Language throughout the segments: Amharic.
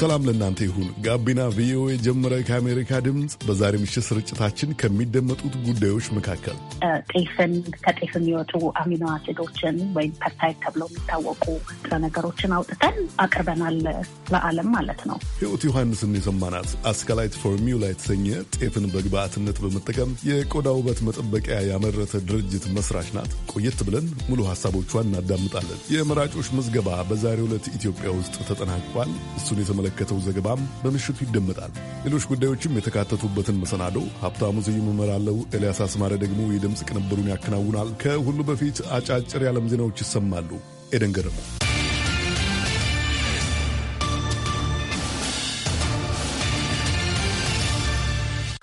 ሰላም ለእናንተ ይሁን። ጋቢና ቪኦኤ ጀመረ። ከአሜሪካ ድምፅ በዛሬ ምሽት ስርጭታችን ከሚደመጡት ጉዳዮች መካከል ጤፍን፣ ከጤፍ የሚወጡ አሚኖ አሲዶችን ወይም ፐርታይድ ተብለው የሚታወቁ ጥረ ነገሮችን አውጥተን አቅርበናል ለዓለም ማለት ነው። ህይወት ዮሐንስን የሰማናት አስካላይት ፎርሚላ የተሰኘ ጤፍን በግብአትነት በመጠቀም የቆዳ ውበት መጠበቂያ ያመረተ ድርጅት መስራች ናት። ቆየት ብለን ሙሉ ሀሳቦቿን እናዳምጣለን። የመራጮች ምዝገባ በዛሬው ዕለት ኢትዮጵያ ውስጥ ተጠናቋል። እሱን የተመለከተው ዘገባም በምሽቱ ይደመጣል። ሌሎች ጉዳዮችም የተካተቱበትን መሰናዶ ሀብታሙ ስዩም እመራለሁ። ኤልያስ አስማረ ደግሞ የድምፅ ቅንብሩን ያከናውናል። ከሁሉ በፊት አጫጭር የዓለም ዜናዎች ይሰማሉ። ኤደን ገረመው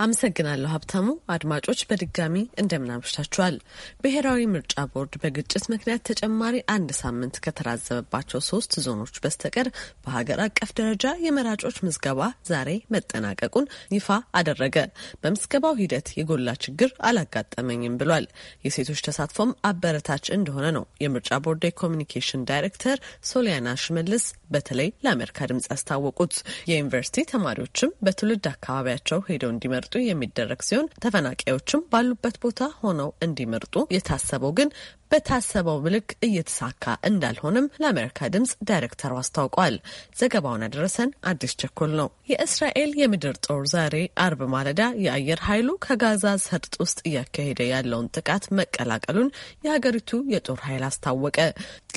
አመሰግናለሁ ሀብታሙ። አድማጮች በድጋሚ እንደምናምሽታችኋል። ብሔራዊ ምርጫ ቦርድ በግጭት ምክንያት ተጨማሪ አንድ ሳምንት ከተራዘመባቸው ሶስት ዞኖች በስተቀር በሀገር አቀፍ ደረጃ የመራጮች ምዝገባ ዛሬ መጠናቀቁን ይፋ አደረገ። በምዝገባው ሂደት የጎላ ችግር አላጋጠመኝም ብሏል። የሴቶች ተሳትፎም አበረታች እንደሆነ ነው የምርጫ ቦርድ የኮሚኒኬሽን ዳይሬክተር ሶሊያና ሽመልስ በተለይ ለአሜሪካ ድምጽ ያስታወቁት። የዩኒቨርሲቲ ተማሪዎችም በትውልድ አካባቢያቸው ሄደው እንዲመርጡ የሚደረግ ሲሆን ተፈናቃዮችም ባሉበት ቦታ ሆነው እንዲመርጡ የታሰበው ግን በታሰበው ልክ እየተሳካ እንዳልሆነም ለአሜሪካ ድምጽ ዳይሬክተሩ አስታውቋል። ዘገባውን ያደረሰን አዲስ ቸኮል ነው። የእስራኤል የምድር ጦር ዛሬ አርብ ማለዳ የአየር ኃይሉ ከጋዛ ሰርጥ ውስጥ እያካሄደ ያለውን ጥቃት መቀላቀሉን የሀገሪቱ የጦር ኃይል አስታወቀ።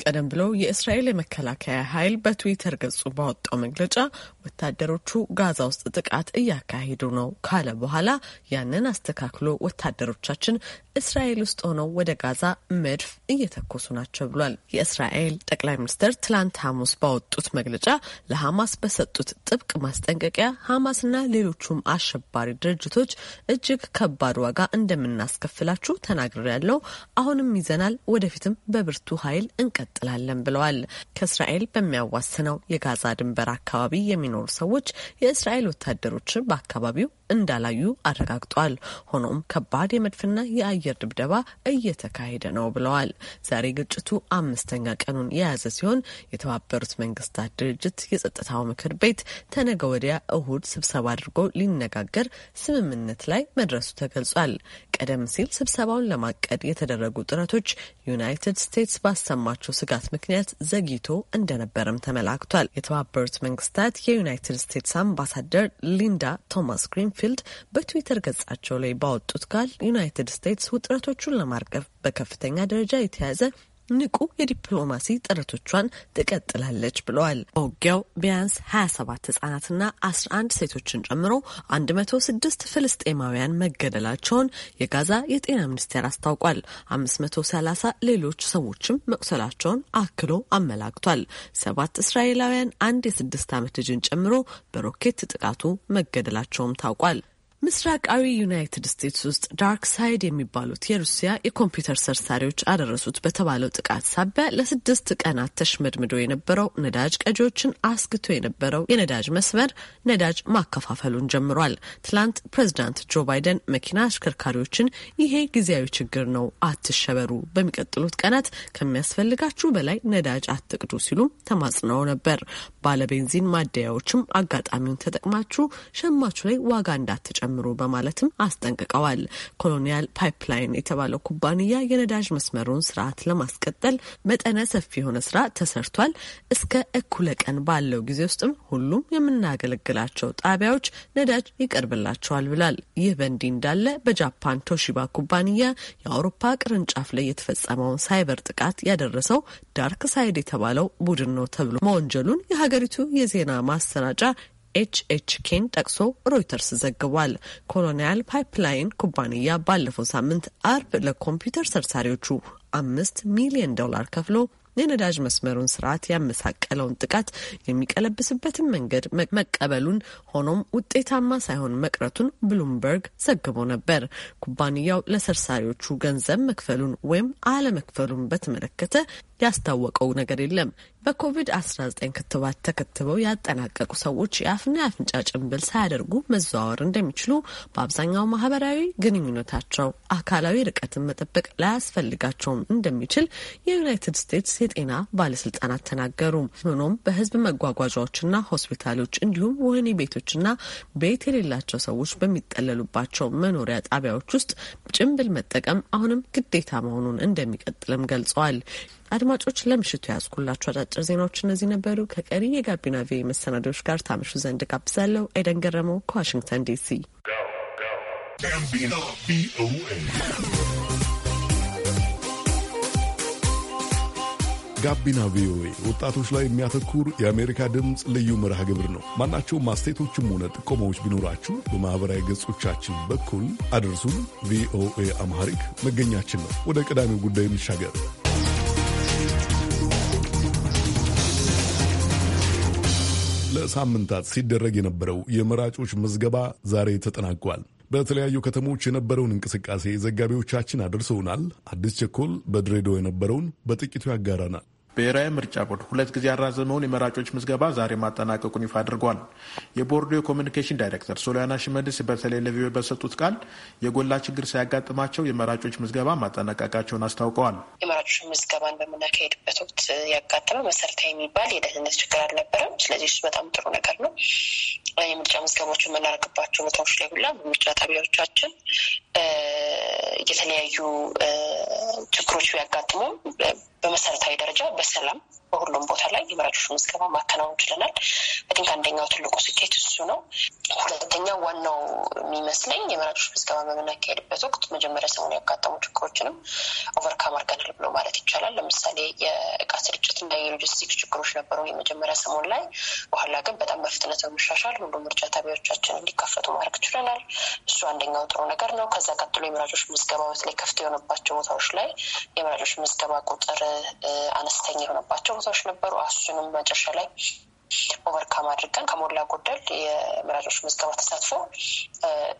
ቀደም ብሎ የእስራኤል የመከላከያ ኃይል በትዊተር ገጹ ባወጣው መግለጫ ወታደሮቹ ጋዛ ውስጥ ጥቃት እያካሄዱ ነው ካለ በኋላ ያንን አስተካክሎ ወታደሮቻችን እስራኤል ውስጥ ሆነው ወደ ጋዛ መድፍ በመድፍ እየተኮሱ ናቸው ብሏል። የእስራኤል ጠቅላይ ሚኒስትር ትላንት ሐሙስ ባወጡት መግለጫ ለሐማስ በሰጡት ጥብቅ ማስጠንቀቂያ ሐማስና ሌሎቹም አሸባሪ ድርጅቶች እጅግ ከባድ ዋጋ እንደምናስከፍላችሁ ያለው አሁንም ይዘናል፣ ወደፊትም በብርቱ ኃይል እንቀጥላለን ብለዋል። ከእስራኤል በሚያዋስነው የጋዛ ድንበር አካባቢ የሚኖሩ ሰዎች የእስራኤል ወታደሮች በአካባቢው እንዳላዩ አረጋግጧል። ሆኖም ከባድ የመድፍና የአየር ድብደባ እየተካሄደ ነው ብለዋል። ዛሬ ግጭቱ አምስተኛ ቀኑን የያዘ ሲሆን የተባበሩት መንግስታት ድርጅት የጸጥታው ምክር ቤት ተነገ ወዲያ እሁድ ስብሰባ አድርጎ ሊነጋገር ስምምነት ላይ መድረሱ ተገልጿል። ቀደም ሲል ስብሰባውን ለማቀድ የተደረጉ ጥረቶች ዩናይትድ ስቴትስ ባሰማቸው ስጋት ምክንያት ዘግይቶ እንደነበረም ተመላክቷል። የተባበሩት መንግስታት የዩናይትድ ስቴትስ አምባሳደር ሊንዳ ቶማስ ግሪን ግሪንፊልድ በትዊተር ገጻቸው ላይ ባወጡት ቃል ዩናይትድ ስቴትስ ውጥረቶቹን ለማርገብ በከፍተኛ ደረጃ የተያዘ ንቁ የዲፕሎማሲ ጥረቶቿን ትቀጥላለች ብለዋል። በውጊያው ቢያንስ 27 ህጻናትና 11 ሴቶችን ጨምሮ 106 ፍልስጤማውያን መገደላቸውን የጋዛ የጤና ሚኒስቴር አስታውቋል። 530 ሌሎች ሰዎችም መቁሰላቸውን አክሎ አመላክቷል። ሰባት እስራኤላውያን አንድ የስድስት ዓመት ልጅን ጨምሮ በሮኬት ጥቃቱ መገደላቸውም ታውቋል። ምስራቃዊ ዩናይትድ ስቴትስ ውስጥ ዳርክ ሳይድ የሚባሉት የሩሲያ የኮምፒውተር ሰርሳሪዎች አደረሱት በተባለው ጥቃት ሳቢያ ለስድስት ቀናት ተሽመድምዶ የነበረው ነዳጅ ቀጂዎችን አስግቶ የነበረው የነዳጅ መስመር ነዳጅ ማከፋፈሉን ጀምሯል። ትላንት ፕሬዚዳንት ጆ ባይደን መኪና አሽከርካሪዎችን ይሄ ጊዜያዊ ችግር ነው፣ አትሸበሩ፣ በሚቀጥሉት ቀናት ከሚያስፈልጋችሁ በላይ ነዳጅ አትቅዱ ሲሉም ተማጽነው ነበር። ባለቤንዚን ማደያዎችም አጋጣሚውን ተጠቅማችሁ ሸማቹ ላይ ዋጋ እንዳትጨምሩ ጀምሮ በማለትም አስጠንቅቀዋል። ኮሎኒያል ፓይፕላይን የተባለው ኩባንያ የነዳጅ መስመሩን ስርዓት ለማስቀጠል መጠነ ሰፊ የሆነ ስራ ተሰርቷል። እስከ እኩለ ቀን ባለው ጊዜ ውስጥም ሁሉም የምናገለግላቸው ጣቢያዎች ነዳጅ ይቀርብላቸዋል ብላል። ይህ በእንዲህ እንዳለ በጃፓን ቶሺባ ኩባንያ የአውሮፓ ቅርንጫፍ ላይ የተፈጸመውን ሳይበር ጥቃት ያደረሰው ዳርክ ሳይድ የተባለው ቡድን ነው ተብሎ መወንጀሉን የሀገሪቱ የዜና ማሰራጫ ኤች ኤች ኬን ጠቅሶ ሮይተርስ ዘግቧል። ኮሎኒያል ፓይፕላይን ኩባንያ ባለፈው ሳምንት አርብ ለኮምፒውተር ሰርሳሪዎቹ አምስት ሚሊዮን ዶላር ከፍሎ የነዳጅ መስመሩን ስርዓት ያመሳቀለውን ጥቃት የሚቀለብስበትን መንገድ መቀበሉን ሆኖም ውጤታማ ሳይሆን መቅረቱን ብሉምበርግ ዘግቦ ነበር። ኩባንያው ለሰርሳሪዎቹ ገንዘብ መክፈሉን ወይም አለመክፈሉን በተመለከተ ያስታወቀው ነገር የለም። በኮቪድ-19 ክትባት ተከትበው ያጠናቀቁ ሰዎች የአፍና የአፍንጫ ጭንብል ሳያደርጉ መዘዋወር እንደሚችሉ፣ በአብዛኛው ማህበራዊ ግንኙነታቸው አካላዊ ርቀትን መጠበቅ ላያስፈልጋቸውም እንደሚችል የዩናይትድ ስቴትስ የጤና ባለስልጣናት ተናገሩ። ሆኖም በህዝብ መጓጓዣዎችና ሆስፒታሎች እንዲሁም ወህኒ ቤቶችና ቤት የሌላቸው ሰዎች በሚጠለሉባቸው መኖሪያ ጣቢያዎች ውስጥ ጭንብል መጠቀም አሁንም ግዴታ መሆኑን እንደሚቀጥልም ገልጸዋል። አድማጮች ለምሽቱ የያዝኩላችሁ አጫጭር ዜናዎች እነዚህ ነበሩ። ከቀሪ የጋቢና ቪ መሰናዶዎች ጋር ታምሹ ዘንድ ጋብዛለሁ። ኤደን ገረመው ከዋሽንግተን ዲሲ ጋቢና ቪኦኤ ወጣቶች ላይ የሚያተኩር የአሜሪካ ድምፅ ልዩ መርሃ ግብር ነው። ማናቸውም አስተያየቶችም ሆነ ጥቆማዎች ቢኖራችሁ በማኅበራዊ ገጾቻችን በኩል አድርሱን። ቪኦኤ አምሃሪክ መገኛችን ነው። ወደ ቀዳሚው ጉዳይ እንሻገር። ለሳምንታት ሲደረግ የነበረው የመራጮች ምዝገባ ዛሬ ተጠናቋል። በተለያዩ ከተሞች የነበረውን እንቅስቃሴ ዘጋቢዎቻችን አድርሰውናል። አዲስ ቸኮል በድሬዳዋ የነበረውን በጥቂቱ ያጋራናል። ብሔራዊ ምርጫ ቦርድ ሁለት ጊዜ ያራዘመውን የመራጮች ምዝገባ ዛሬ ማጠናቀቁን ይፋ አድርጓል። የቦርዱ የኮሚኒኬሽን ዳይሬክተር ሶሊያና ሽመልስ በተለይ ለቪኦኤ በሰጡት ቃል የጎላ ችግር ሳያጋጥማቸው የመራጮች ምዝገባ ማጠናቀቃቸውን አስታውቀዋል። የመራጮች ምዝገባን በምናካሄድበት ወቅት ያጋጠመ መሰረታዊ የሚባል የደህንነት ችግር አልነበረም። ስለዚህ እሱ በጣም ጥሩ ነገር ነው። የምርጫ ምዝገባዎች የምናደርግባቸው ቦታዎች ላይ ሁላ በምርጫ ጣቢያዎቻችን የተለያዩ ችግሮቹ ያጋጥሙም በመሰረታዊ ደረጃ በሰላም በሁሉም ቦታ ላይ የመራጮች ምዝገባ ማከናወን ችለናል። እንግዲህ አንደኛው ትልቁ ስኬት እሱ ነው። ሁለተኛው ዋናው የሚመስለኝ የመራጮች ምዝገባ በምናካሄድበት ወቅት መጀመሪያ ሰሞኑን ያጋጠሙ ችግሮችንም ኦቨርካም አድርገናል ብሎ ማለት ይቻላል። ለምሳሌ የእቃ ስርጭት እና የሎጂስቲክስ ችግሮች ነበሩ የመጀመሪያ ሰሞን ላይ። በኋላ ግን በጣም በፍጥነት በመሻሻል ሁሉም ምርጫ ጣቢያዎቻችን እንዲከፈቱ ማድረግ ችለናል። እሱ አንደኛው ጥሩ ነገር ነው። ከዛ ቀጥሎ የመራጮች ምዝገባ በተለይ ክፍት የሆነባቸው ቦታዎች ላይ የመራጮች ምዝገባ ቁጥር አነስተኛ የሆነባቸው ቦታዎች ነበሩ። እሱንም መጨረሻ ላይ ኦቨርካም አድርገን ከሞላ ጎደል የመራጮች ምዝገባ ተሳትፎ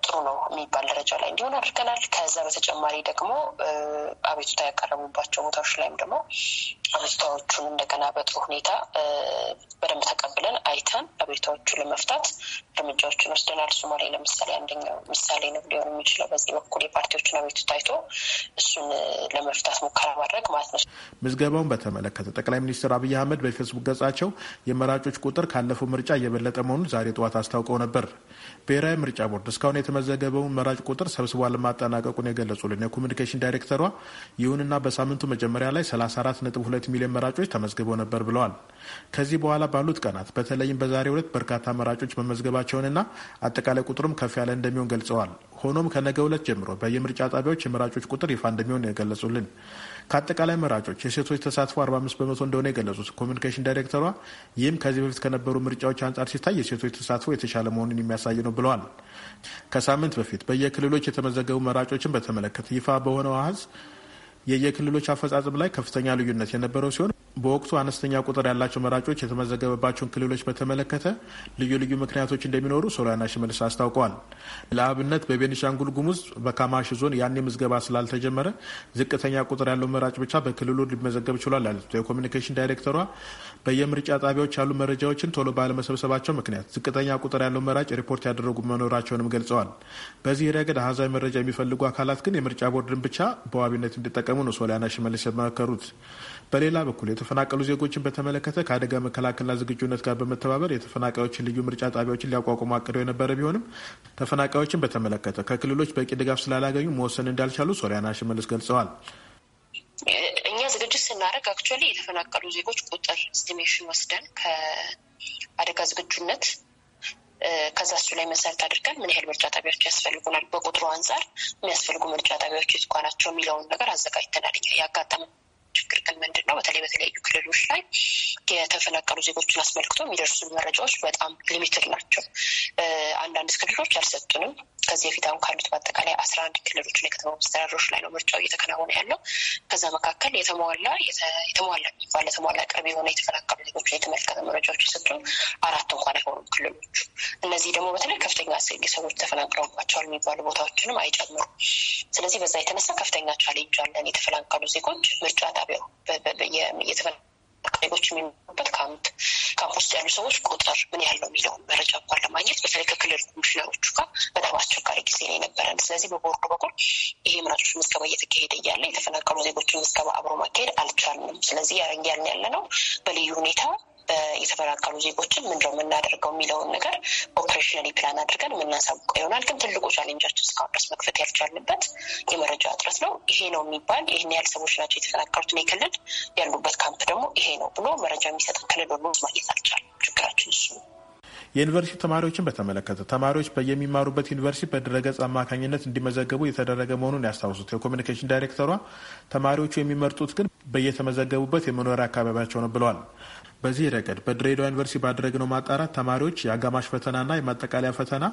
ጥሩ ነው የሚባል ደረጃ ላይ እንዲሆን አድርገናል። ከዛ በተጨማሪ ደግሞ አቤቱታ ያቀረቡባቸው ቦታዎች ላይም ደግሞ አቤቱታዎቹን እንደገና በጥሩ ሁኔታ በደንብ ተቀብለን አይተን አቤቱታዎቹን ለመፍታት እርምጃዎችን ወስደናል። ሶማሌ ለምሳሌ አንደኛው ምሳሌ ነው ሊሆን የሚችለው በዚህ በኩል የፓርቲዎችን አቤቱታ አይቶ እሱን ለመፍታት ሙከራ ማድረግ ማለት ነው። ምዝገባውን በተመለከተ ጠቅላይ ሚኒስትር አብይ አህመድ በፌስቡክ ገጻቸው የመራጮች ቁጥር ካለፈው ምርጫ እየበለጠ መሆኑን ዛሬ ጠዋት አስታውቀው ነበር። ብሔራዊ ምርጫ ቦርድ እስካሁን የተመዘገበውን መራጭ ቁጥር ሰብስቧ ለማጠናቀቁን የገለጹልን የኮሚኒኬሽን ዳይሬክተሯ፣ ይሁንና በሳምንቱ መጀመሪያ ላይ 34.2 ሚሊዮን መራጮች ተመዝግበው ነበር ብለዋል። ከዚህ በኋላ ባሉት ቀናት በተለይም በዛሬው ዕለት በርካታ መራጮች መመዝገባቸውንና አጠቃላይ ቁጥሩም ከፍ ያለ እንደሚሆን ገልጸዋል። ሆኖም ከነገ ዕለት ጀምሮ በየምርጫ ጣቢያዎች የመራጮች ቁጥር ይፋ እንደሚሆን የገለጹልን ከአጠቃላይ መራጮች የሴቶች ተሳትፎ 45 በመቶ እንደሆነ የገለጹት ኮሚኒኬሽን ዳይሬክተሯ ይህም ከዚህ በፊት ከነበሩ ምርጫዎች አንጻር ሲታይ የሴቶች ተሳትፎ የተሻለ መሆኑን የሚያሳይ ነው ብለዋል። ከሳምንት በፊት በየክልሎች የተመዘገቡ መራጮችን በተመለከተ ይፋ በሆነው አሀዝ የየክልሎች አፈጻጸም ላይ ከፍተኛ ልዩነት የነበረው ሲሆን በወቅቱ አነስተኛ ቁጥር ያላቸው መራጮች የተመዘገበባቸውን ክልሎች በተመለከተ ልዩ ልዩ ምክንያቶች እንደሚኖሩ ሶሊያና ሽመልስ አስታውቀዋል። ለአብነት በቤኒሻንጉል ጉሙዝ በካማሽ ዞን ያኔ ምዝገባ ስላልተጀመረ ዝቅተኛ ቁጥር ያለው መራጭ ብቻ በክልሉ ሊመዘገብ ችሏል ያሉት የኮሚኒኬሽን ዳይሬክተሯ በየምርጫ ጣቢያዎች ያሉ መረጃዎችን ቶሎ ባለመሰብሰባቸው ምክንያት ዝቅተኛ ቁጥር ያለው መራጭ ሪፖርት ያደረጉ መኖራቸውንም ገልጸዋል። በዚህ ረገድ አሃዛዊ መረጃ የሚፈልጉ አካላት ግን የምርጫ ቦርድን ብቻ በዋቢነት እንዲጠቀሙ ነው ሶሊያና ሽመልስ የመከሩት። በሌላ በኩል የተፈናቀሉ ዜጎችን በተመለከተ ከአደጋ መከላከልና ዝግጁነት ጋር በመተባበር የተፈናቃዮችን ልዩ ምርጫ ጣቢያዎችን ሊያቋቁሙ አቅደው የነበረ ቢሆንም ተፈናቃዮችን በተመለከተ ከክልሎች በቂ ድጋፍ ስላላገኙ መወሰን እንዳልቻሉ ሶሊያና ሽመልስ ገልጸዋል። ስናደርግ አክቹዋሊ የተፈናቀሉ ዜጎች ቁጥር ኤስቲሜሽን ወስደን ከአደጋ ዝግጁነት ከዛ እሱ ላይ መሰረት አድርገን ምን ያህል ምርጫ ጣቢያዎች ያስፈልጉናል፣ በቁጥሩ አንጻር የሚያስፈልጉ ምርጫ ጣቢያዎች የትኳ ናቸው የሚለውን ነገር አዘጋጅተናል። ያጋጠመ ችግር ግን ምንድን ነው? በተለይ በተለያዩ ክልሎች ላይ የተፈናቀሉ ዜጎችን አስመልክቶ የሚደርሱ መረጃዎች በጣም ሊሚትድ ናቸው። አንዳንድ ክልሎች አልሰጡንም። ከዚህ በፊት አሁን ካሉት በአጠቃላይ አስራ አንድ ክልሎች ላይ ከተማ መስተዳደሮች ላይ ነው ምርጫው እየተከናወነ ያለው። ከዛ መካከል የተሟላ የተሟላ የሚባል የተሟላ ቅርብ የሆነ የተፈናቀሉ ዜጎች የተመለከተ መረጃዎች የሰጡ አራት እንኳን አይሆኑም ክልሎቹ። እነዚህ ደግሞ በተለይ ከፍተኛ አስጊ ሰዎች ተፈናቅለውባቸዋል የሚባሉ ቦታዎችንም አይጨምሩም። ስለዚህ በዛ የተነሳ ከፍተኛ ቻሌንጅ አለን። የተፈናቀሉ ዜጎች ምርጫ ጣቢያው የተፈናቃዮች የሚኖሩበት ካምፕ ካምፕ ውስጥ ያሉ ሰዎች ቁጥር ምን ያህል ነው የሚለውን መረጃ እንኳን ለማግኘት በተለይ ከክልል ኮሚሽነሮቹ ጋር በጣም አስቸጋሪ ጊዜ ነው የነበረን። ስለዚህ በቦርዱ በኩል ይሄ መራጮች ምዝገባ እየተካሄደ እያለ የተፈናቀሉ ዜጎችን ምዝገባ አብሮ ማካሄድ አልቻልንም። ስለዚህ ያረንጊያልን ያለ ነው በልዩ ሁኔታ የተፈናቀሉ ዜጎችን ምንድነው የምናደርገው የሚለውን ነገር ኦፕሬሽናሊ ፕላን አድርገን የምናሳውቀ ይሆናል። ግን ትልቁ ቻሌንጃችን እስካሁን ድረስ መክፈት ያልቻልንበት የመረጃ እጥረት ነው። ይሄ ነው የሚባል ይህን ያህል ሰዎች ናቸው የተፈናቀሉት እኔ ክልል ያሉበት ካምፕ ደግሞ ይሄ ነው ብሎ መረጃ የሚሰጠን ክልል ሁሉ ማግኘት አልቻልም። ችግራችን እሱ ነው። የዩኒቨርሲቲ ተማሪዎችን በተመለከተ ተማሪዎች በየሚማሩበት ዩኒቨርሲቲ በድረገጽ አማካኝነት እንዲመዘገቡ የተደረገ መሆኑን ያስታውሱት የኮሚኒኬሽን ዳይሬክተሯ ተማሪዎቹ የሚመርጡት ግን በየተመዘገቡበት የመኖሪያ አካባቢያቸው ነው ብለዋል። በዚህ ረገድ በድሬዳዋ ዩኒቨርሲቲ ባደረግነው ማጣራት ተማሪዎች የአጋማሽ ፈተናና የማጠቃለያ ፈተና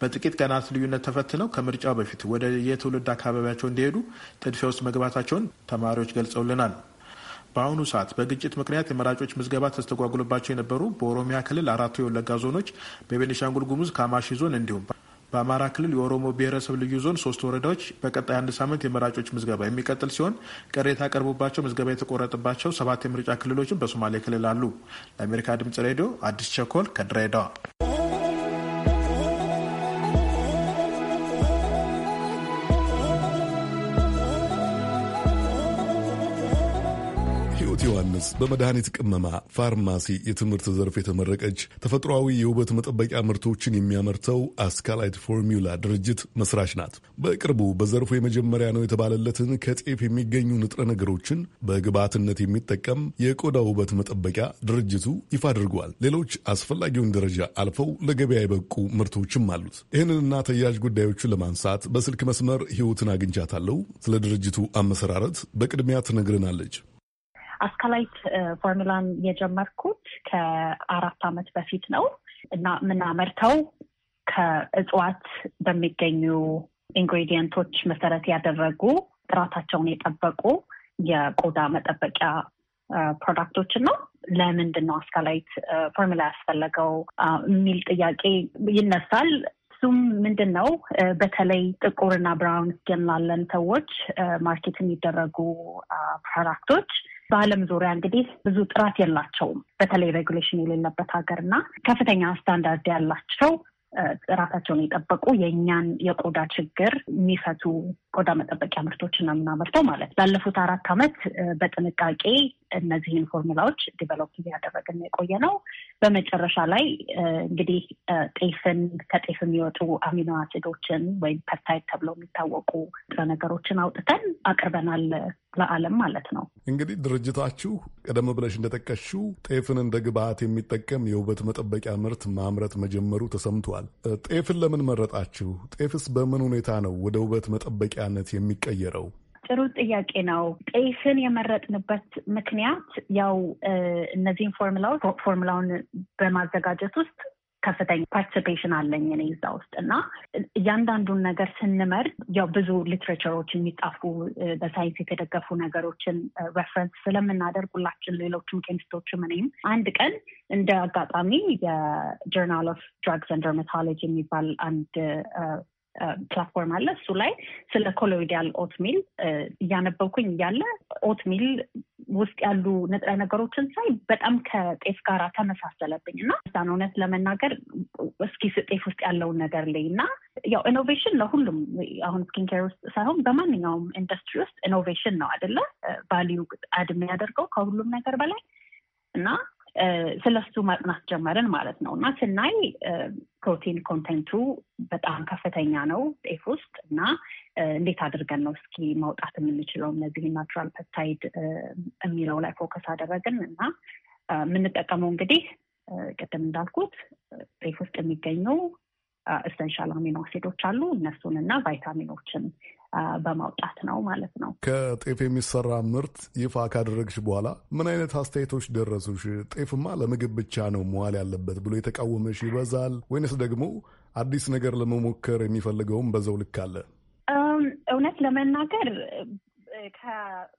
በጥቂት ቀናት ልዩነት ተፈትነው ከምርጫው በፊት ወደ የትውልድ አካባቢያቸው እንዲሄዱ ጥድፊያ ውስጥ መግባታቸውን ተማሪዎች ገልጸውልናል። በአሁኑ ሰዓት በግጭት ምክንያት የመራጮች ምዝገባ ተስተጓጉሎባቸው የነበሩ በኦሮሚያ ክልል አራቱ የወለጋ ዞኖች፣ በቤኒሻንጉል ጉሙዝ ካማሺ ዞን እንዲሁም በአማራ ክልል የኦሮሞ ብሔረሰብ ልዩ ዞን ሶስት ወረዳዎች በቀጣይ አንድ ሳምንት የመራጮች ምዝገባ የሚቀጥል ሲሆን ቅሬታ ቀርቦባቸው ምዝገባ የተቆረጠባቸው ሰባት የምርጫ ክልሎችን በሶማሌ ክልል አሉ። ለአሜሪካ ድምጽ ሬዲዮ አዲስ ቸኮል ከድሬዳዋ ሳይንስ በመድኃኒት ቅመማ ፋርማሲ የትምህርት ዘርፍ የተመረቀች ተፈጥሯዊ የውበት መጠበቂያ ምርቶችን የሚያመርተው አስካላይት ፎርሚላ ድርጅት መስራች ናት። በቅርቡ በዘርፉ የመጀመሪያ ነው የተባለለትን ከጤፍ የሚገኙ ንጥረ ነገሮችን በግብዓትነት የሚጠቀም የቆዳ ውበት መጠበቂያ ድርጅቱ ይፋ አድርጓል። ሌሎች አስፈላጊውን ደረጃ አልፈው ለገበያ የበቁ ምርቶችም አሉት። ይህንንና ተያያዥ ጉዳዮችን ለማንሳት በስልክ መስመር ህይወትን አግኝቻታለሁ። ስለ ድርጅቱ አመሰራረት በቅድሚያ ትነግረናለች። አስካላይት ፎርሙላን የጀመርኩት ከአራት ዓመት በፊት ነው እና የምናመርተው ከእጽዋት በሚገኙ ኢንግሬዲየንቶች መሰረት ያደረጉ ጥራታቸውን የጠበቁ የቆዳ መጠበቂያ ፕሮዳክቶችን ነው። ለምንድን ነው አስካላይት ፎርሙላ ያስፈለገው የሚል ጥያቄ ይነሳል። እሱም ምንድን ነው በተለይ ጥቁርና ብራውን ስኪን ላለን ሰዎች ማርኬት የሚደረጉ ፕሮዳክቶች በዓለም ዙሪያ እንግዲህ ብዙ ጥራት የላቸውም። በተለይ ሬጉሌሽን የሌለበት ሀገር እና ከፍተኛ ስታንዳርድ ያላቸው ጥራታቸውን የጠበቁ የእኛን የቆዳ ችግር የሚፈቱ ቆዳ መጠበቂያ ምርቶችን ነው የምናመርተው ማለት ላለፉት አራት ዓመት በጥንቃቄ እነዚህን ፎርሙላዎች ዲቨሎፕ እያደረግን የቆየ ነው። በመጨረሻ ላይ እንግዲህ ጤፍን ከጤፍ የሚወጡ አሚኖ አሲዶችን ወይም ፐርታይድ ተብለው የሚታወቁ ንጥረ ነገሮችን አውጥተን አቅርበናል ለዓለም ማለት ነው። እንግዲህ ድርጅታችሁ ቀደም ብለሽ እንደጠቀሽው ጤፍን እንደ ግብዓት የሚጠቀም የውበት መጠበቂያ ምርት ማምረት መጀመሩ ተሰምቷል። ጤፍን ለምን መረጣችሁ? ጤፍስ በምን ሁኔታ ነው ወደ ውበት መጠበቂያ መጠየቂያነት የሚቀየረው? ጥሩ ጥያቄ ነው። ጤስን የመረጥንበት ምክንያት ያው እነዚህን ፎርሙላዎች ፎርሙላውን በማዘጋጀት ውስጥ ከፍተኛ ፓርቲሲፔሽን አለኝ እኔ እዛ ውስጥ እና እያንዳንዱን ነገር ስንመርጥ ያው ብዙ ሊትሬቸሮች የሚጻፉ በሳይንስ የተደገፉ ነገሮችን ሬፈረንስ ስለምናደርግ ሁላችን ሌሎችም ኬሚስቶችም እኔም አንድ ቀን እንደ አጋጣሚ የጆርናል ኦፍ ድራግስ ኤንድ ደርማቶሎጂ የሚባል አንድ ፕላትፎርም አለ። እሱ ላይ ስለ ኮሎይዳል ኦትሚል እያነበብኩኝ እያለ ኦትሚል ውስጥ ያሉ ንጥረ ነገሮችን ሳይ በጣም ከጤፍ ጋር ተመሳሰለብኝ እና እዛን እውነት ለመናገር እስኪ ጤፍ ውስጥ ያለውን ነገር ላይ እና ያው ኢኖቬሽን ለሁሉም አሁን ኬር ውስጥ ሳይሆን በማንኛውም ኢንዱስትሪ ውስጥ ኢኖቬሽን ነው አይደለ? ቫሊዩ አድ የሚያደርገው ከሁሉም ነገር በላይ እና ስለሱ ማጥናት ጀመርን ማለት ነው እና ስናይ ፕሮቲን ኮንቴንቱ በጣም ከፍተኛ ነው ጤፍ ውስጥ እና እንዴት አድርገን ነው እስኪ ማውጣት የምንችለው እነዚህ ናቹራል ፐፕታይድ የሚለው ላይ ፎከስ አደረግን እና የምንጠቀመው እንግዲህ ቅድም እንዳልኩት ጤፍ ውስጥ የሚገኙ ኤሰንሻል አሚኖ አሲዶች አሉ እነሱን እና ቫይታሚኖችን በማውጣት ነው ማለት ነው። ከጤፍ የሚሰራ ምርት ይፋ ካደረግሽ በኋላ ምን አይነት አስተያየቶች ደረሱሽ? ጤፍማ ለምግብ ብቻ ነው መዋል ያለበት ብሎ የተቃወመሽ ይበዛል ወይንስ ደግሞ አዲስ ነገር ለመሞከር የሚፈልገውም በዛው ልክ አለ? እውነት ለመናገር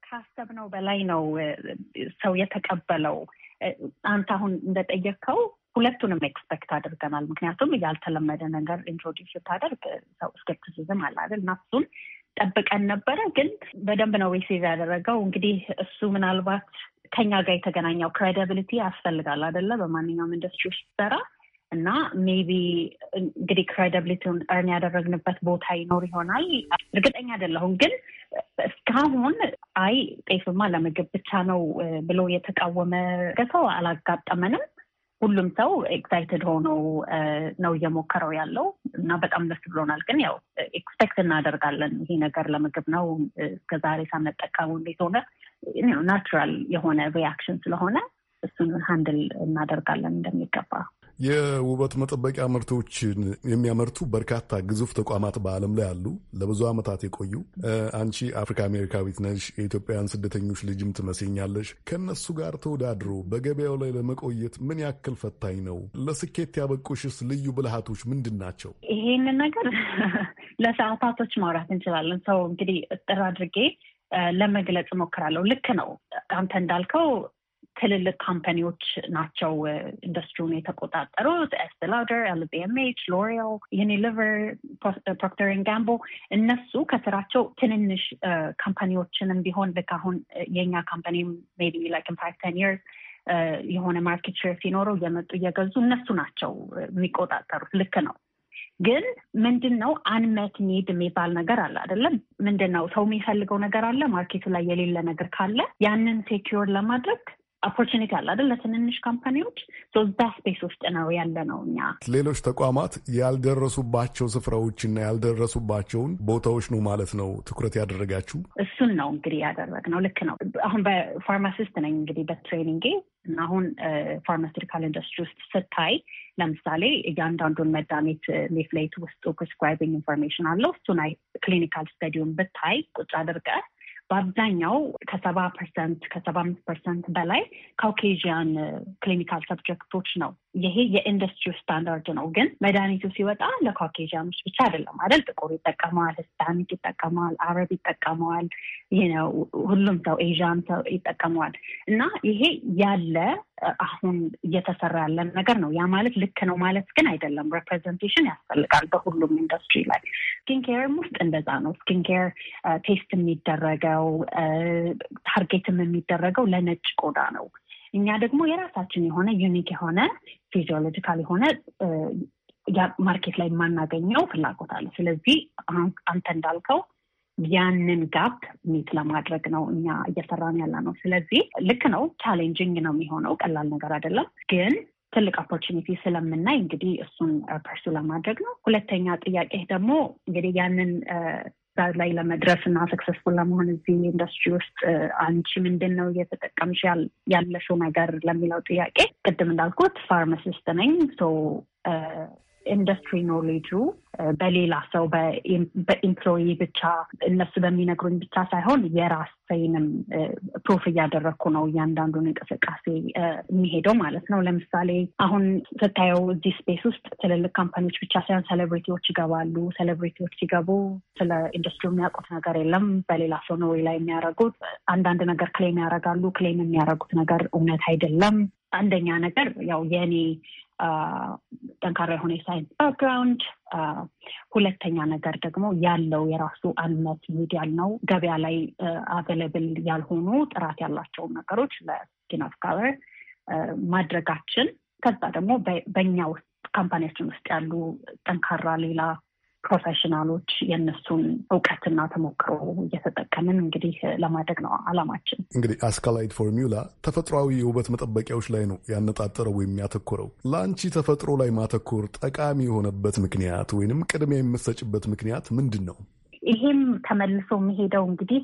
ካሰብነው በላይ ነው ሰው የተቀበለው። አንተ አሁን እንደጠየቅከው ሁለቱንም ኤክስፔክት አድርገናል። ምክንያቱም ያልተለመደ ነገር ኢንትሮዲስ ስታደርግ ሰው ስኬፕቲሲዝም አለ አይደል እና እሱን ጠብቀን ነበረ፣ ግን በደንብ ነው ሪሲቭ ያደረገው። እንግዲህ እሱ ምናልባት ከኛ ጋር የተገናኘው ክሬዲብሊቲ ያስፈልጋል አይደለ? በማንኛውም ኢንዱስትሪ ሲሰራ እና ሜቢ እንግዲህ ክሬዲቢሊቲውን እርን ያደረግንበት ቦታ ይኖር ይሆናል። እርግጠኛ አይደለሁም፣ ግን እስካሁን አይ ጤፍማ ለምግብ ብቻ ነው ብሎ የተቃወመ ገተው አላጋጠመንም። ሁሉም ሰው ኤክሳይትድ ሆኖ ነው እየሞከረው ያለው እና በጣም ደስ ብሎናል። ግን ያው ኤክስፔክት እናደርጋለን ይሄ ነገር ለምግብ ነው ዛሬ ሳንጠቀሙ እንዴት ሆነ ናቹራል የሆነ ሪያክሽን ስለሆነ እሱን ሀንድል እናደርጋለን እንደሚገባ የውበት መጠበቂያ ምርቶችን የሚያመርቱ በርካታ ግዙፍ ተቋማት በዓለም ላይ አሉ፣ ለብዙ ዓመታት የቆዩ። አንቺ አፍሪካ አሜሪካዊት ነሽ፣ የኢትዮጵያውያን ስደተኞች ልጅም ትመስኛለሽ። ከእነሱ ጋር ተወዳድሮ በገበያው ላይ ለመቆየት ምን ያክል ፈታኝ ነው? ለስኬት ያበቁሽስ ልዩ ብልሃቶች ምንድን ናቸው? ይሄንን ነገር ለሰዓታቶች ማውራት እንችላለን። ሰው እንግዲህ ጥር አድርጌ ለመግለጽ እሞክራለሁ። ልክ ነው አንተ እንዳልከው ትልልቅ ካምፓኒዎች ናቸው ኢንዱስትሪውን የተቆጣጠሩት። ኤስቴ ላውደር፣ ኤል ቢ ሎሪያል፣ ዩኒሊቨር፣ ፕሮክተርን ጋምቦ እነሱ ከስራቸው ትንንሽ ካምፓኒዎችንም ቢሆን ልክ አሁን የኛ ካምፓኒ ሜይ ቢ ላይክ ኢን ፋይቭ ቴን ይርስ የሆነ ማርኬት ሼር ሲኖረው እየመጡ እየገዙ እነሱ ናቸው የሚቆጣጠሩት። ልክ ነው። ግን ምንድን ነው አንመት ኒድ የሚባል ነገር አለ አይደለም? ምንድን ነው ሰው የሚፈልገው ነገር አለ። ማርኬቱ ላይ የሌለ ነገር ካለ ያንን ሴኪዮር ለማድረግ ኦፖርቹኒቲ አለ አይደል? ለትንንሽ ካምፓኒዎች እዛ ስፔስ ውስጥ ነው ያለ ነው። እኛ ሌሎች ተቋማት ያልደረሱባቸው ስፍራዎችና ያልደረሱባቸውን ቦታዎች ነው ማለት ነው ትኩረት ያደረጋችሁ። እሱን ነው እንግዲህ ያደረግነው። ልክ ነው። አሁን በፋርማሲስት ነኝ እንግዲህ በትሬኒንጌ እና አሁን ፋርማሲውቲካል ኢንዱስትሪ ውስጥ ስታይ ለምሳሌ እያንዳንዱን መድኃኒት ሌፍሌት ውስጡ ፕሪስክራይቢንግ ኢንፎርሜሽን አለው። እሱን ክሊኒካል ስተዲውን ብታይ ቁጭ አድርገህ በአብዛኛው ከሰባ ፐርሰንት ከሰባ አምስት ፐርሰንት በላይ ካውኬዥያን ክሊኒካል ሰብጀክቶች ነው። ይሄ የኢንዱስትሪው ስታንዳርድ ነው። ግን መድኃኒቱ ሲወጣ ለካውኬዥያኖች ብቻ አይደለም አይደል? ጥቁር ይጠቀመዋል፣ ስታኒክ ይጠቀመዋል፣ አረብ ይጠቀመዋል፣ ሁሉም ሰው ኤዥያን ሰው ይጠቀመዋል። እና ይሄ ያለ አሁን እየተሰራ ያለ ነገር ነው። ያ ማለት ልክ ነው ማለት ግን አይደለም። ሬፕሬዘንቴሽን ያስፈልጋል በሁሉም ኢንዱስትሪ ላይ። ስኪን ኬርም ውስጥ እንደዛ ነው። ስኪን ኬር ቴስት የሚደረገው ነው ታርጌትም የሚደረገው ለነጭ ቆዳ ነው። እኛ ደግሞ የራሳችን የሆነ ዩኒክ የሆነ ፊዚዮሎጂካል የሆነ ማርኬት ላይ የማናገኘው ፍላጎት አለ። ስለዚህ አንተ እንዳልከው ያንን ጋፕ ሚት ለማድረግ ነው እኛ እየሰራን ያለ ነው። ስለዚህ ልክ ነው፣ ቻሌንጂንግ ነው የሚሆነው፣ ቀላል ነገር አይደለም፣ ግን ትልቅ ኦፖርቹኒቲ ስለምናይ እንግዲህ እሱን ፐርሱ ለማድረግ ነው። ሁለተኛ ጥያቄ ደግሞ እንግዲህ ያንን ላይ ለመድረስ እና ሰክሰስፉል ለመሆን እዚህ ኢንዱስትሪ ውስጥ አንቺ ምንድን ነው እየተጠቀምሽ ያለሽው ነገር ለሚለው ጥያቄ ቅድም እንዳልኩት ፋርማሲስት ነኝ ኢንዱስትሪ ኖሌጁ በሌላ ሰው በኤምፕሎይ ብቻ እነሱ በሚነግሩኝ ብቻ ሳይሆን የራሴንም ፕሮፍ እያደረግኩ ነው እያንዳንዱን እንቅስቃሴ የሚሄደው ማለት ነው። ለምሳሌ አሁን ስታየው እዚህ ስፔስ ውስጥ ትልልቅ ካምፓኒዎች ብቻ ሳይሆን ሴሌብሪቲዎች ይገባሉ። ሴሌብሪቲዎች ሲገቡ ስለ ኢንዱስትሪ የሚያውቁት ነገር የለም። በሌላ ሰው ነው ላይ የሚያደርጉት አንዳንድ ነገር ክሌም ያደርጋሉ። ክሌም የሚያደርጉት ነገር እውነት አይደለም። አንደኛ ነገር ያው የእኔ ጠንካራ የሆነ የሳይንስ ባክግራውንድ፣ ሁለተኛ ነገር ደግሞ ያለው የራሱ አንነት ሚድ ያልነው ገበያ ላይ አቬለብል ያልሆኑ ጥራት ያላቸውን ነገሮች ለስኪን ኦፍ ካለር ማድረጋችን ከዛ ደግሞ በእኛ ውስጥ ካምፓኒያችን ውስጥ ያሉ ጠንካራ ሌላ ፕሮፌሽናሎች የእነሱን እውቀትና ተሞክሮ እየተጠቀምን እንግዲህ ለማድረግ ነው አላማችን። እንግዲህ አስካላይት ፎርሚላ ተፈጥሯዊ የውበት መጠበቂያዎች ላይ ነው ያነጣጠረው ወይም ያተኮረው። ለአንቺ ተፈጥሮ ላይ ማተኮር ጠቃሚ የሆነበት ምክንያት ወይንም ቅድሚያ የምትሰጭበት ምክንያት ምንድን ነው? ይሄም ተመልሶ የሚሄደው እንግዲህ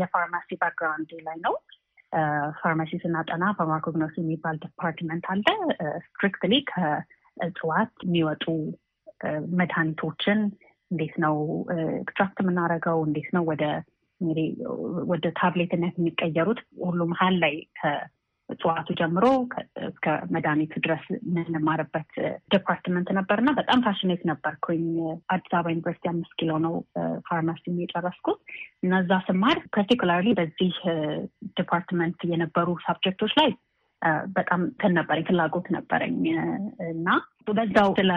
የፋርማሲ ባክግራውንድ ላይ ነው። ፋርማሲ ስናጠና ፋርማኮግኖሲ የሚባል ዲፓርትመንት አለ። ስትሪክትሊ ከእጽዋት የሚወጡ መድኃኒቶችን እንዴት ነው ኤክስትራክት የምናደርገው? እንዴት ነው ወደ ወደ ታብሌትነት የሚቀየሩት? ሁሉ መሀል ላይ ከእጽዋቱ ጀምሮ እስከ መድኃኒቱ ድረስ የምንማርበት ዲፓርትመንት ነበር እና በጣም ፋሽኔት ነበርኩኝ። አዲስ አበባ ዩኒቨርሲቲ አምስት ኪሎ ነው ፋርማሲ የጨረስኩት እና እዛ ስማር ፓርቲኩላርሊ በዚህ ዲፓርትመንት የነበሩ ሳብጀክቶች ላይ በጣም እንትን ነበረኝ ፍላጎት ነበረኝ እና በዛው ስለ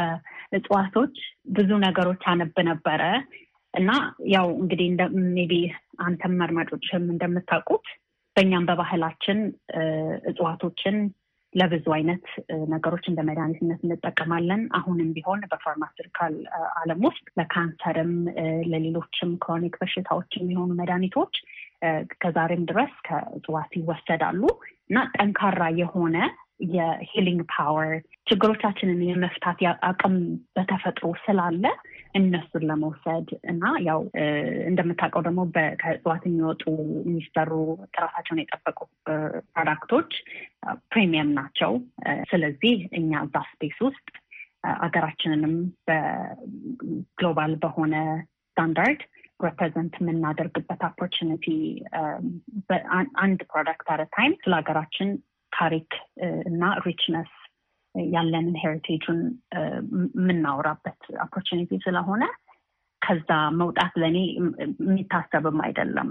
እጽዋቶች ብዙ ነገሮች አነብ ነበረ እና ያው እንግዲህ ቢ አንተም መርማጮችም እንደምታውቁት በእኛም በባህላችን እጽዋቶችን ለብዙ አይነት ነገሮች እንደ መድኃኒትነት እንጠቀማለን። አሁንም ቢሆን በፋርማሲውቲካል ዓለም ውስጥ ለካንሰርም፣ ለሌሎችም ክሮኒክ በሽታዎች የሚሆኑ መድኃኒቶች ከዛሬም ድረስ ከእጽዋት ይወሰዳሉ። እና ጠንካራ የሆነ የሂሊንግ ፓወር ችግሮቻችንን የመፍታት አቅም በተፈጥሮ ስላለ እነሱን ለመውሰድ እና ያው እንደምታውቀው ደግሞ ከእጽዋት የሚወጡ የሚሰሩ ጥራታቸውን የጠበቁ ፕሮዳክቶች ፕሪሚየም ናቸው። ስለዚህ እኛ እዛ ስፔስ ውስጥ አገራችንንም በግሎባል በሆነ ስታንዳርድ ሪፕሬዘንት የምናደርግበት ኦፖርቹኒቲ um, አንድ ፕሮዳክት አረ ታይም ስለ ሀገራችን ታሪክ uh, እና ሪችነስ ያለንን ሄሪቴጁን uh, የምናወራበት ኦፖርቹኒቲ ስለሆነ ከዛ መውጣት ለእኔ የሚታሰብም አይደለም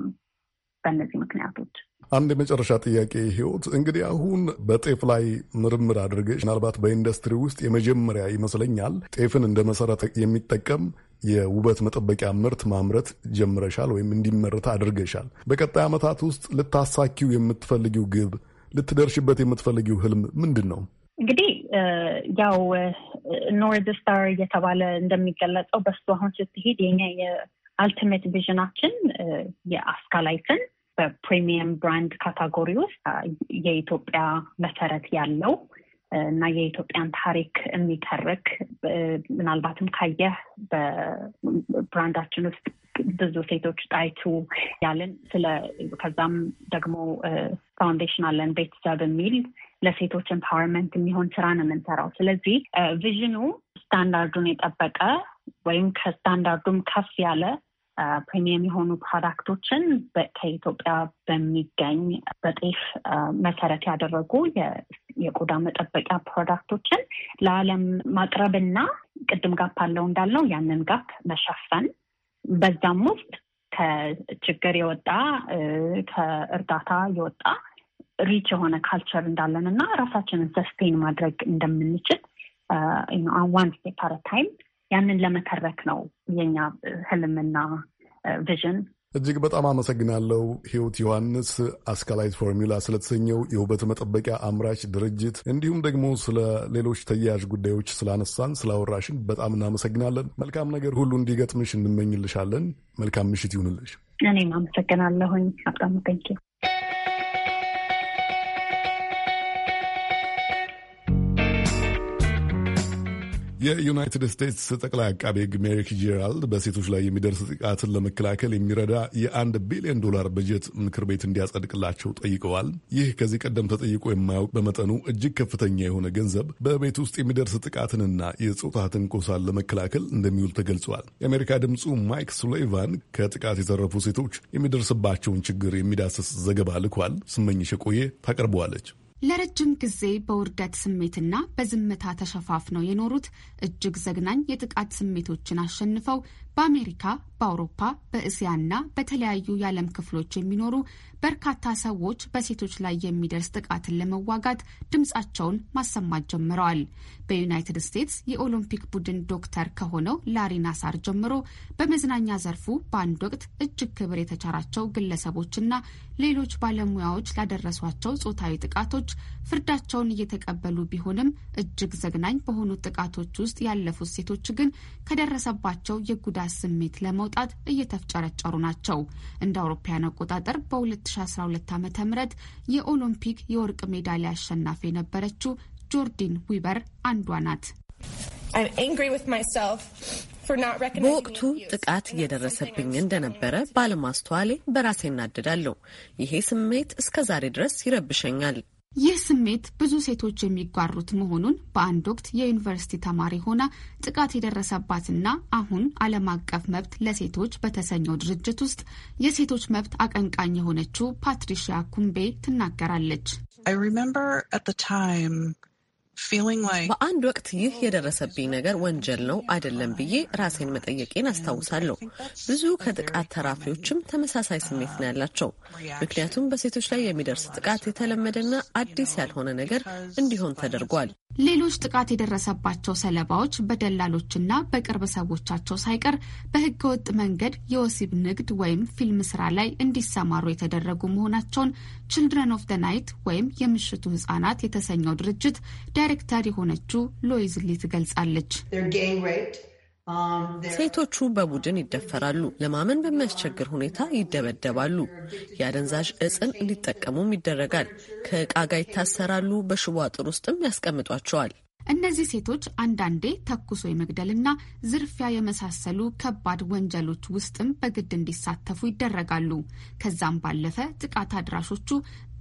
በእነዚህ ምክንያቶች። አንድ የመጨረሻ ጥያቄ ህይወት፣ እንግዲህ አሁን በጤፍ ላይ ምርምር አድርገሽ ምናልባት በኢንዱስትሪ ውስጥ የመጀመሪያ ይመስለኛል ጤፍን እንደ መሰረት የሚጠቀም የውበት መጠበቂያ ምርት ማምረት ጀምረሻል ወይም እንዲመረት አድርገሻል። በቀጣይ ዓመታት ውስጥ ልታሳኪው የምትፈልጊው ግብ፣ ልትደርሽበት የምትፈልጊው ህልም ምንድን ነው? እንግዲህ ያው ኖርዝ ስታር እየተባለ እንደሚገለጸው በሱ አሁን ስትሄድ የኛ የአልቲሜት ቪዥናችን የአስካላይትን በፕሪሚየም ብራንድ ካታጎሪ ውስጥ የኢትዮጵያ መሰረት ያለው እና የኢትዮጵያን ታሪክ የሚተርክ ምናልባትም ካየህ በብራንዳችን ውስጥ ብዙ ሴቶች ጣይቱ ያለን ስለ ከዛም ደግሞ ፋውንዴሽን አለን ቤተሰብ የሚል ለሴቶች ኤምፓወርመንት የሚሆን ስራ ነው የምንሰራው። ስለዚህ ቪዥኑ ስታንዳርዱን የጠበቀ ወይም ከስታንዳርዱም ከፍ ያለ ፕሪሚየም የሆኑ ፕሮዳክቶችን ከኢትዮጵያ በሚገኝ በጤፍ መሰረት ያደረጉ የቆዳ መጠበቂያ ፕሮዳክቶችን ለዓለም ማቅረብና ቅድም ጋፕ አለው እንዳለው ያንን ጋፕ መሸፈን በዛም ውስጥ ከችግር የወጣ ከእርዳታ የወጣ ሪች የሆነ ካልቸር እንዳለን እና ራሳችንን ሰስቴን ማድረግ እንደምንችል ዋን ስቴፕ ታይም ያንን ለመተረክ ነው የኛ ህልምና ቪዥን እጅግ በጣም አመሰግናለሁ ህይወት ዮሐንስ አስካላይት ፎርሚላ ስለተሰኘው የውበት መጠበቂያ አምራች ድርጅት እንዲሁም ደግሞ ስለ ሌሎች ተያያዥ ጉዳዮች ስላነሳን ስላወራሽን በጣም እናመሰግናለን። መልካም ነገር ሁሉ እንዲገጥምሽ እንመኝልሻለን። መልካም ምሽት ይሁንልሽ። እኔም አመሰግናለሁኝ። የዩናይትድ ስቴትስ ጠቅላይ አቃቤ ሕግ ሜሪክ ጄራልድ በሴቶች ላይ የሚደርስ ጥቃትን ለመከላከል የሚረዳ የአንድ ቢሊዮን ዶላር በጀት ምክር ቤት እንዲያጸድቅላቸው ጠይቀዋል። ይህ ከዚህ ቀደም ተጠይቆ የማያውቅ በመጠኑ እጅግ ከፍተኛ የሆነ ገንዘብ በቤት ውስጥ የሚደርስ ጥቃትንና የጾታ ትንኮሳን ለመከላከል እንደሚውል ተገልጿል። የአሜሪካ ድምፁ ማይክ ሱሌቫን ከጥቃት የተረፉ ሴቶች የሚደርስባቸውን ችግር የሚዳስስ ዘገባ ልኳል። ስመኝሽ ቆየ ታቀርበዋለች። ለረጅም ጊዜ በውርደት ስሜትና በዝምታ ተሸፋፍነው የኖሩት እጅግ ዘግናኝ የጥቃት ስሜቶችን አሸንፈው በአሜሪካ፣ በአውሮፓ፣ በእስያና በተለያዩ የዓለም ክፍሎች የሚኖሩ በርካታ ሰዎች በሴቶች ላይ የሚደርስ ጥቃትን ለመዋጋት ድምፃቸውን ማሰማት ጀምረዋል። በዩናይትድ ስቴትስ የኦሎምፒክ ቡድን ዶክተር ከሆነው ላሪ ናሳር ጀምሮ በመዝናኛ ዘርፉ በአንድ ወቅት እጅግ ክብር ግለሰቦች ግለሰቦችና ሌሎች ባለሙያዎች ላደረሷቸው ጾታዊ ጥቃቶች ፍርዳቸውን እየተቀበሉ ቢሆንም እጅግ ዘግናኝ በሆኑት ጥቃቶች ውስጥ ያለፉት ሴቶች ግን ከደረሰባቸው የጉዳት ስሜት ለመውጣት እየተፍጨረጨሩ ናቸው። እንደ አውሮፓውያን አቆጣጠር በሁለት 2012 ዓ ም የኦሎምፒክ የወርቅ ሜዳሊያ አሸናፊ የነበረችው ጆርዲን ዊበር አንዷ ናት። በወቅቱ ጥቃት እየደረሰብኝ እንደነበረ ባለማስተዋሌ በራሴ እናድዳለሁ። ይሄ ስሜት እስከ ዛሬ ድረስ ይረብሸኛል። ይህ ስሜት ብዙ ሴቶች የሚጓሩት መሆኑን በአንድ ወቅት የዩኒቨርሲቲ ተማሪ ሆና ጥቃት የደረሰባትና አሁን ዓለም አቀፍ መብት ለሴቶች በተሰኘው ድርጅት ውስጥ የሴቶች መብት አቀንቃኝ የሆነችው ፓትሪሺያ ኩምቤ ትናገራለች። I remember at the time በአንድ ወቅት ይህ የደረሰብኝ ነገር ወንጀል ነው አይደለም ብዬ ራሴን መጠየቄን አስታውሳለሁ። ብዙ ከጥቃት ተራፊዎችም ተመሳሳይ ስሜት ነው ያላቸው። ምክንያቱም በሴቶች ላይ የሚደርስ ጥቃት የተለመደና አዲስ ያልሆነ ነገር እንዲሆን ተደርጓል። ሌሎች ጥቃት የደረሰባቸው ሰለባዎች በደላሎችና በቅርብ ሰዎቻቸው ሳይቀር በህገወጥ መንገድ የወሲብ ንግድ ወይም ፊልም ስራ ላይ እንዲሰማሩ የተደረጉ መሆናቸውን ችልድረን ኦፍ ደ ናይት ወይም የምሽቱ ህጻናት የተሰኘው ድርጅት ዳይሬክተር የሆነችው ሎይዝሊ ትገልጻለች። ሴቶቹ በቡድን ይደፈራሉ፣ ለማመን በሚያስቸግር ሁኔታ ይደበደባሉ፣ የአደንዛዥ እጽን እንዲጠቀሙም ይደረጋል፣ ከእቃ ጋር ይታሰራሉ፣ በሽቦ አጥር ውስጥም ያስቀምጧቸዋል። እነዚህ ሴቶች አንዳንዴ ተኩሶ የመግደልና ዝርፊያ የመሳሰሉ ከባድ ወንጀሎች ውስጥም በግድ እንዲሳተፉ ይደረጋሉ። ከዛም ባለፈ ጥቃት አድራሾቹ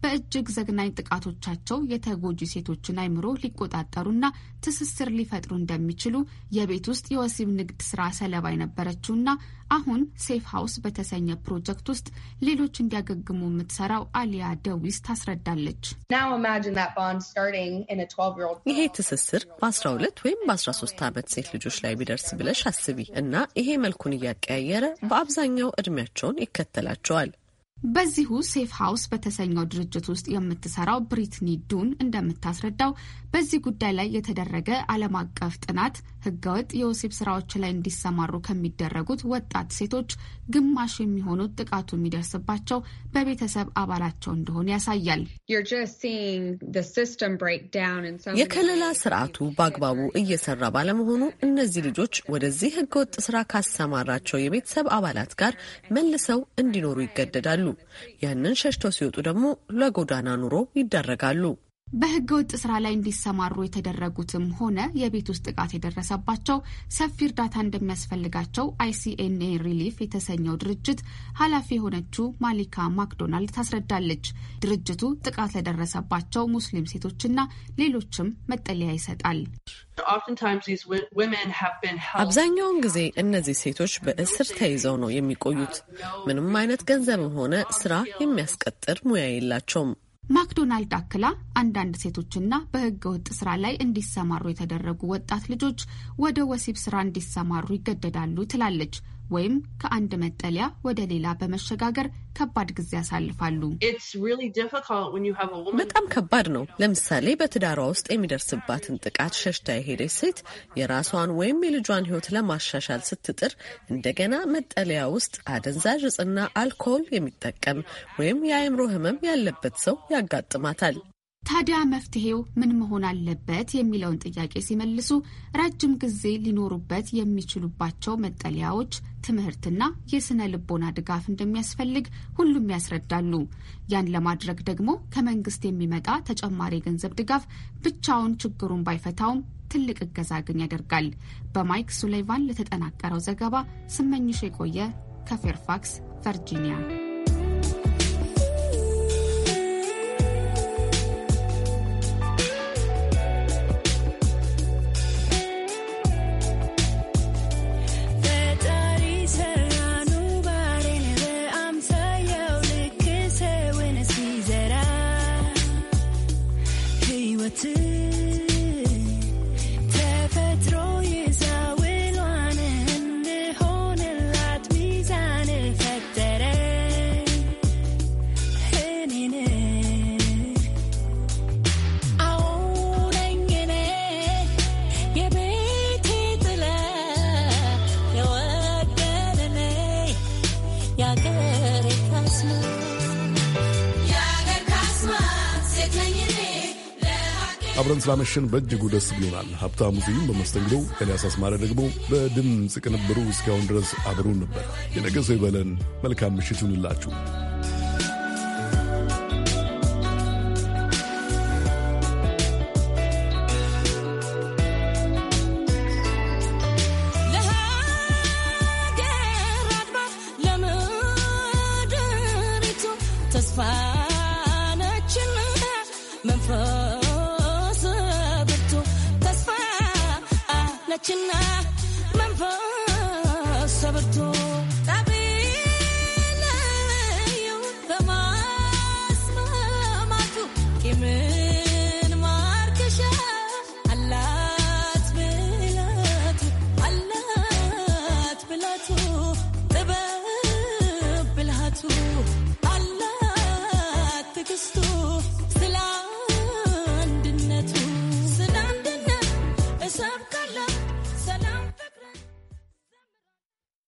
በእጅግ ዘግናኝ ጥቃቶቻቸው የተጎጂ ሴቶችን አይምሮ ሊቆጣጠሩና ትስስር ሊፈጥሩ እንደሚችሉ የቤት ውስጥ የወሲብ ንግድ ስራ ሰለባ የነበረችውና አሁን ሴፍ ሀውስ በተሰኘ ፕሮጀክት ውስጥ ሌሎች እንዲያገግሙ የምትሰራው አሊያ ደዊስ ታስረዳለች። ይሄ ትስስር በ12 ወይም በ13 ዓመት ሴት ልጆች ላይ ቢደርስ ብለሽ አስቢ እና ይሄ መልኩን እያቀያየረ በአብዛኛው እድሜያቸውን ይከተላቸዋል። በዚሁ ሴፍ ሀውስ በተሰኘው ድርጅት ውስጥ የምትሰራው ብሪትኒ ዱን እንደምታስረዳው በዚህ ጉዳይ ላይ የተደረገ ዓለም አቀፍ ጥናት ህገወጥ የወሲብ ስራዎች ላይ እንዲሰማሩ ከሚደረጉት ወጣት ሴቶች ግማሽ የሚሆኑት ጥቃቱ የሚደርስባቸው በቤተሰብ አባላቸው እንደሆነ ያሳያል። የከለላ ስርዓቱ በአግባቡ እየሰራ ባለመሆኑ እነዚህ ልጆች ወደዚህ ህገወጥ ስራ ካሰማራቸው የቤተሰብ አባላት ጋር መልሰው እንዲኖሩ ይገደዳሉ። ያገኛሉ። ያንን ሸሽተው ሲወጡ ደግሞ ለጎዳና ኑሮ ይዳረጋሉ። በህገ ወጥ ስራ ላይ እንዲሰማሩ የተደረጉትም ሆነ የቤት ውስጥ ጥቃት የደረሰባቸው ሰፊ እርዳታ እንደሚያስፈልጋቸው አይሲኤንኤ ሪሊፍ የተሰኘው ድርጅት ኃላፊ የሆነችው ማሊካ ማክዶናልድ ታስረዳለች። ድርጅቱ ጥቃት ለደረሰባቸው ሙስሊም ሴቶችና ሌሎችም መጠለያ ይሰጣል። አብዛኛውን ጊዜ እነዚህ ሴቶች በእስር ተይዘው ነው የሚቆዩት። ምንም አይነት ገንዘብም ሆነ ስራ የሚያስቀጥር ሙያ የላቸውም። ማክዶናልድ አክላ አንዳንድ ሴቶችና በህገ ወጥ ስራ ላይ እንዲሰማሩ የተደረጉ ወጣት ልጆች ወደ ወሲብ ስራ እንዲሰማሩ ይገደዳሉ ትላለች። ወይም ከአንድ መጠለያ ወደ ሌላ በመሸጋገር ከባድ ጊዜ ያሳልፋሉ። በጣም ከባድ ነው። ለምሳሌ በትዳሯ ውስጥ የሚደርስባትን ጥቃት ሸሽታ የሄደች ሴት የራሷን ወይም የልጇን ሕይወት ለማሻሻል ስትጥር እንደገና መጠለያ ውስጥ አደንዛዥ እጽና አልኮል የሚጠቀም ወይም የአእምሮ ሕመም ያለበት ሰው ያጋጥማታል። ታዲያ መፍትሄው ምን መሆን አለበት የሚለውን ጥያቄ ሲመልሱ ረጅም ጊዜ ሊኖሩበት የሚችሉባቸው መጠለያዎች፣ ትምህርትና የስነ ልቦና ድጋፍ እንደሚያስፈልግ ሁሉም ያስረዳሉ። ያን ለማድረግ ደግሞ ከመንግስት የሚመጣ ተጨማሪ የገንዘብ ድጋፍ ብቻውን ችግሩን ባይፈታውም ትልቅ እገዛ ግን ያደርጋል። በማይክ ሱሌቫን ለተጠናቀረው ዘገባ ስመኝሽ የቆየ ከፌርፋክስ ቨርጂኒያ አብረን ስላመሸን በእጅጉ ደስ ብሎናል። ሀብታሙ ስዩም በመስተንግዶ፣ ኤልያስ አስማረ ደግሞ በድምፅ ቅንብሩ እስካሁን ድረስ አብሩን ነበር። የነገ ሰው ይበለን። መልካም ምሽት ይሁንላችሁ።